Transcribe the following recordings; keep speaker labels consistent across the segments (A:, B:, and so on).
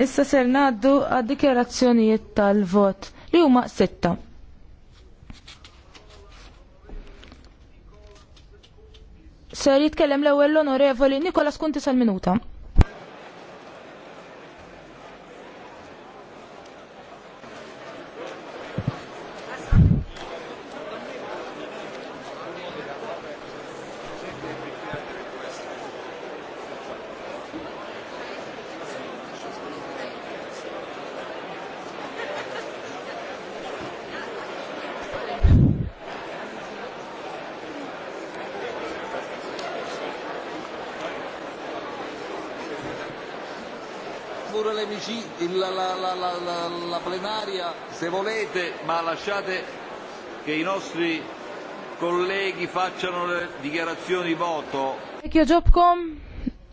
A: Issa ser naddu għad dikjarazzjonijiet tal-vot li huma sitta. Ser jitkellem l-ewwel l-onorevoli Nikola Skunti sal-minuta.
B: pure le il, la, la, la, la, la, la plenaria
A: se volete, ma lasciate che i nostri colleghi facciano le dichiarazioni di voto. Jogħġobkom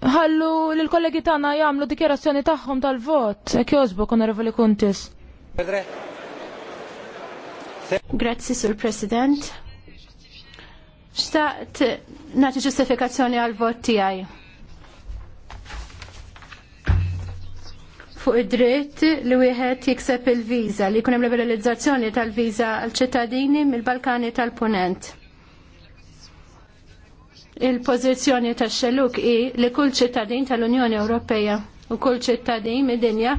A: ħallu l-kollegi tagħna jagħmlu dikjerazzjoni tagħhom tal-vot, hekk jogħġbok onorevoli Kuntis. Grazzi, Sur President. Xtaqt nagħti
C: ġustifikazzjoni għal-vot tiegħi. fuq id-dritt li wieħed jikseb il-viża li jkun hemm liberalizzazzjoni tal-viża għal ċittadini mill-Balkani tal-Punent. Il-pożizzjoni tax-xeluk hi li kull ċittadin tal-Unjoni Ewropea u kull ċittadin mid-dinja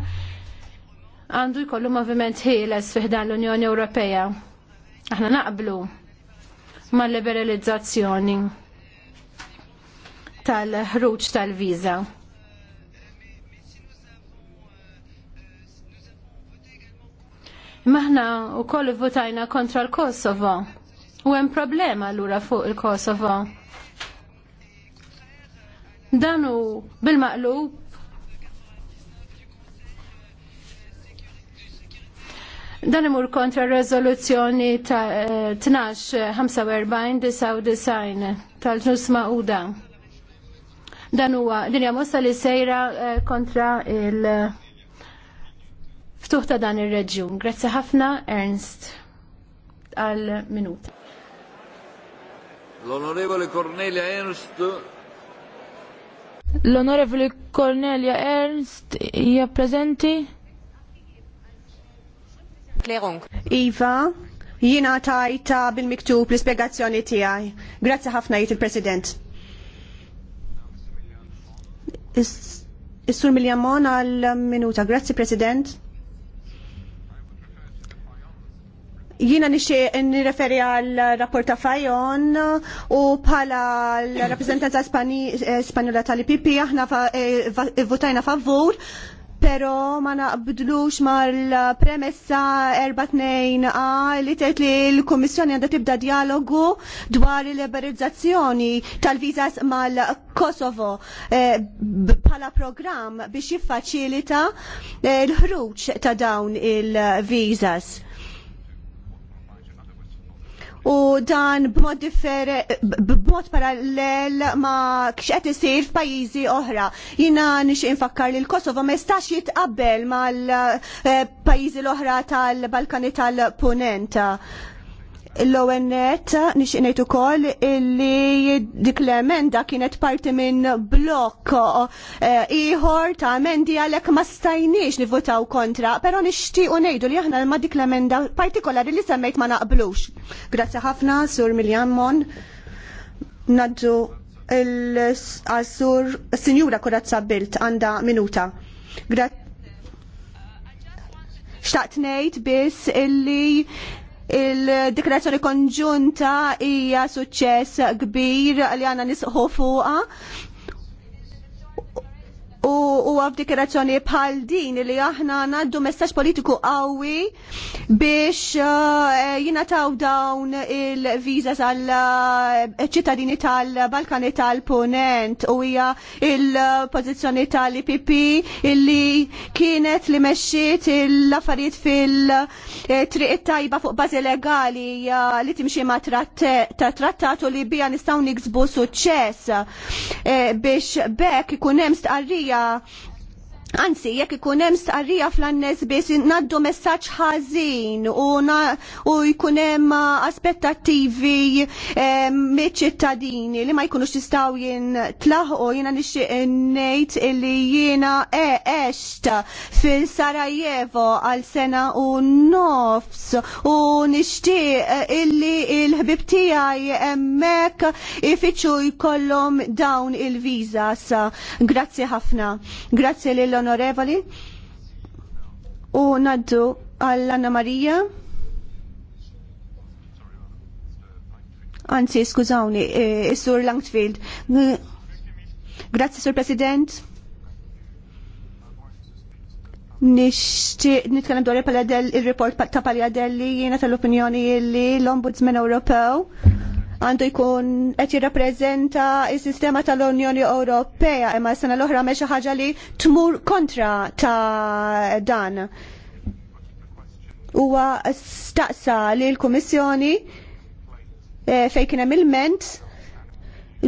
C: għandu jkollu moviment ħieles dan l-Unjoni Ewropea. Aħna naqblu mal liberalizzazzjoni tal-ħruġ tal-viża. Maħna aħna wkoll votajna kontra l-Kosovo. U hemm problema allura fuq il-Kosovo. Dan hu bil-maqlub Dan imur kontra rezoluzzjoni ta' 12-45-99 eh, tal-ġnus ma'uda. Dan huwa dinja mossa li sejra eh, kontra il- miftuħ ta' dan ir-reġjun. Grazzi ħafna Ernst
A: għal minut. l onorevoli Cornelia Ernst l onorevoli Cornelia Ernst hija
B: preżenti? Iva, jina tajta bil-miktub l-ispiegazzjoni tiegħi. Grazzi ħafna jgħid il-President. Is-Sur Miljamon għal minuta. Grazzi President. Jina nixie nireferi għal rapporta Fajon u bħala l-rappresentanza spanjola eh, tal-IPP aħna eh, votajna favur pero ma naqbdlux mal-premessa a li tgħid li l-Kummissjoni għandha tibda dialogu dwar il-liberizzazzjoni tal-viżas mal-Kosovo eh, bħala programm biex jiffaċilita l-ħruġ ta' dawn il-viżas u dan b'mod b'mod parallel ma kxet isir f'pajjiżi oħra. Jina nix infakkar li l-Kosovo ma jistax jitqabbel mal-pajjiżi eh, l-oħra tal-Balkani tal-Punenta. tal balkani tal punenta L-ONET nixinajt ukoll li dik l-emenda kienet parti minn blok eh, ieħor ta' emendi għalhekk ma stajniex nivvotaw kontra, però nixtiequ ngħidu li aħna ma dik l-emenda partikolari li semmejt ma naqblux. Grazzi ħafna Sur Miljan Mon. Naddu il-sur Sinjura Kurazza Bilt għandha minuta. Grazzi xtaqt ngħid biss illi Il-dikrazzjoni konġunta hija suċċess kbir li għandna nisħu fuqha U huwa f'dikerazzjoni bħal din li aħna għandu messaġġ politiku qawwi biex uh, eh, jingħataw dawn il viza tal-ċittadini eh, tal-Balkani tal-Punent u hija il-pożizzjoni tal-IPP illi kienet li mexxiet l-affarijiet fil-triq tajba fuq bażi legali eh, li timxi ma' trattatu li bija nistgħu niksbu suċċess biex bekk ikun hemm stqarrija stqarrija Anzi, jekk ikun hemm stqarrija fl-annes biss ngħaddu messaġġ ħażin u, u jkun hemm aspettattivi miċ-ċittadini li ma jkunux jistgħu u jiena nixtieq ngħid illi jiena eqext fil-Sarajevo għal sena u nofs u nixtieq illi il-ħbib tijaj hemmhekk ifiċu jkollhom dawn il-viżas. Grazzi ħafna. Grazzi l onorevoli U naddu għall Anna Marija. Anzi, skużawni, eh, sur Langtfield. Grazzi, sur President. Nixtieq nitkellem dwar il-report ta' Paljadelli jiena tal-opinjoni li l-Ombudsman Ewropew għandu jkun qed jirrappreżenta s-sistema tal-Unjoni Ewropea imma s-sena l-oħra me ħaġa li tmur kontra ta' dan. Huwa staqsa li l-Kummissjoni eh, fejn kien hemm il-ment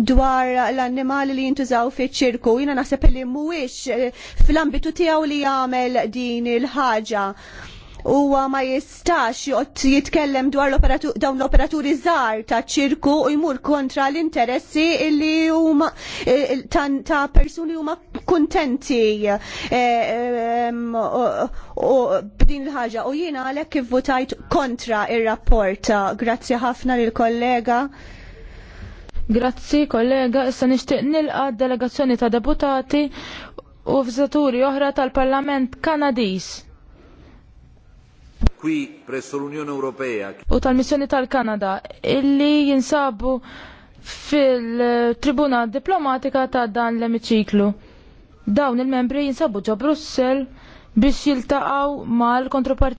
B: dwar l-annimali li jintużaw fiċ ċirku Jina naħseb li mhuwiex eh, fl-ambitu tiegħu li jagħmel din il-ħaġa. Huwa ma jistax joqgħod jitkellem dwar dawn l-operaturi żgħar ta' ċirku u jmur kontra l-interessi li huma eh, ta' persuni huma kuntenti u eh, b'din il-ħaġa u jiena għalhekk kif votajt kontra r rapport Grazzi ħafna lill kollega Grazzi, kollega,
A: issa nixtieq nilqa delegazzjoni ta' deputati u vizaturi oħra tal-Parlament Kanadis. Qui presso l-Unjoni Ewropea. U tal-missjoni tal-Kanada illi jinsabu fil-tribuna diplomatika ta' dan l-emiċiklu. Dawn il-membri jinsabu ġo Brussel biex jiltaqaw mal-kontroparti